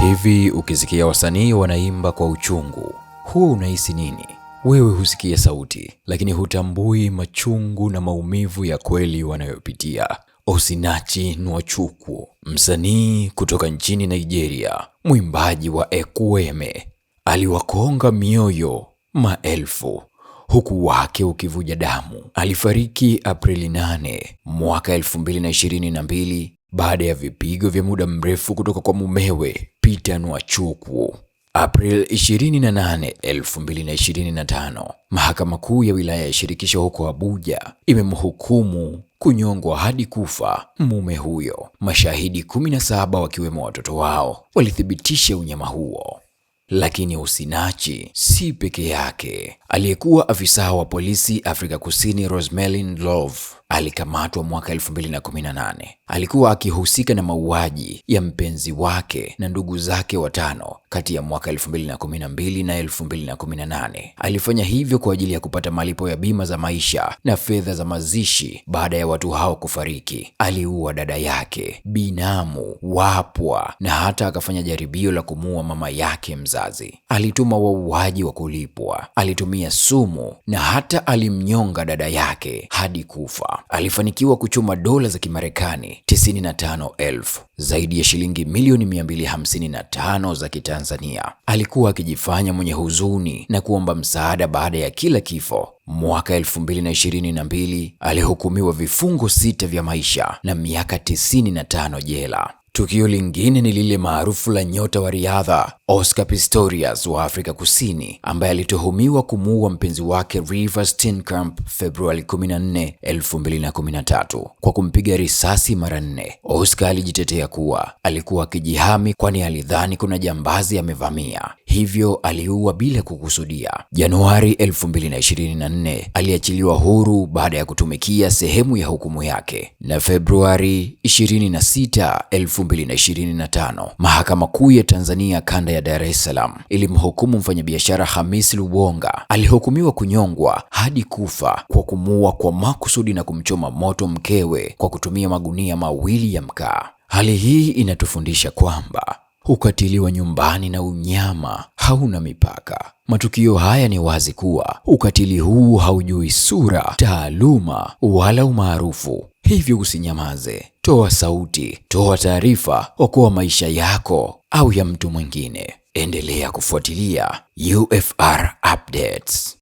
Hivi ukisikia wasanii wanaimba kwa uchungu, huwa unahisi nini? Wewe husikia sauti, lakini hutambui machungu na maumivu ya kweli wanayopitia. Osinachi Nwachukwu, msanii kutoka nchini Nigeria, mwimbaji wa Ekwueme, aliwakonga mioyo maelfu huku wake ukivuja damu. Alifariki Aprili 8 mwaka 2022 baada ya vipigo vya muda mrefu kutoka kwa mumewe Peter Nwachuku. April 28, 2025, Mahakama Kuu ya Wilaya ya Shirikisho huko Abuja imemhukumu kunyongwa hadi kufa mume huyo. Mashahidi 17 wakiwemo watoto wao walithibitisha unyama huo. Lakini Usinachi si peke yake. Aliyekuwa afisa wa polisi Afrika Kusini Rosemary Love, alikamatwa mwaka 2018. Alikuwa akihusika na mauaji ya mpenzi wake na ndugu zake watano kati ya mwaka 2012 na 2018. Alifanya hivyo kwa ajili ya kupata malipo ya bima za maisha na fedha za mazishi baada ya watu hao kufariki. Aliua dada yake, binamu, wapwa na hata akafanya jaribio la kumuua mama yake mzazi. Alituma wauaji wa kulipwa, alitumia sumu na hata alimnyonga dada yake hadi kufa. Alifanikiwa kuchuma dola za Kimarekani 95,000, zaidi ya shilingi milioni 255 za Kitanzania. Alikuwa akijifanya mwenye huzuni na kuomba msaada baada ya kila kifo. Mwaka 2022 alihukumiwa vifungo sita vya maisha na miaka 95 jela. Tukio lingine ni lile maarufu la nyota wa riadha Oscar Pistorius wa Afrika Kusini ambaye alituhumiwa kumuua mpenzi wake Reeva Steenkamp Februari 14, 2013 kwa kumpiga risasi mara nne. Oscar alijitetea kuwa alikuwa akijihami kwani alidhani kuna jambazi amevamia, hivyo aliua bila kukusudia. Januari 2024 aliachiliwa huru baada ya kutumikia sehemu ya hukumu yake na Februari 26 2025, Mahakama Kuu ya Tanzania kanda ya Dar es Salaam ilimhukumu mfanyabiashara Hamis Lubonga alihukumiwa kunyongwa hadi kufa kwa kumuua kwa makusudi na kumchoma moto mkewe kwa kutumia magunia mawili ya mkaa. Hali hii inatufundisha kwamba ukatili wa nyumbani na unyama hauna mipaka. Matukio haya ni wazi kuwa ukatili huu haujui sura, taaluma wala umaarufu hivyo usinyamaze. Toa sauti, toa taarifa, okoa maisha yako au ya mtu mwingine. Endelea kufuatilia UFR updates.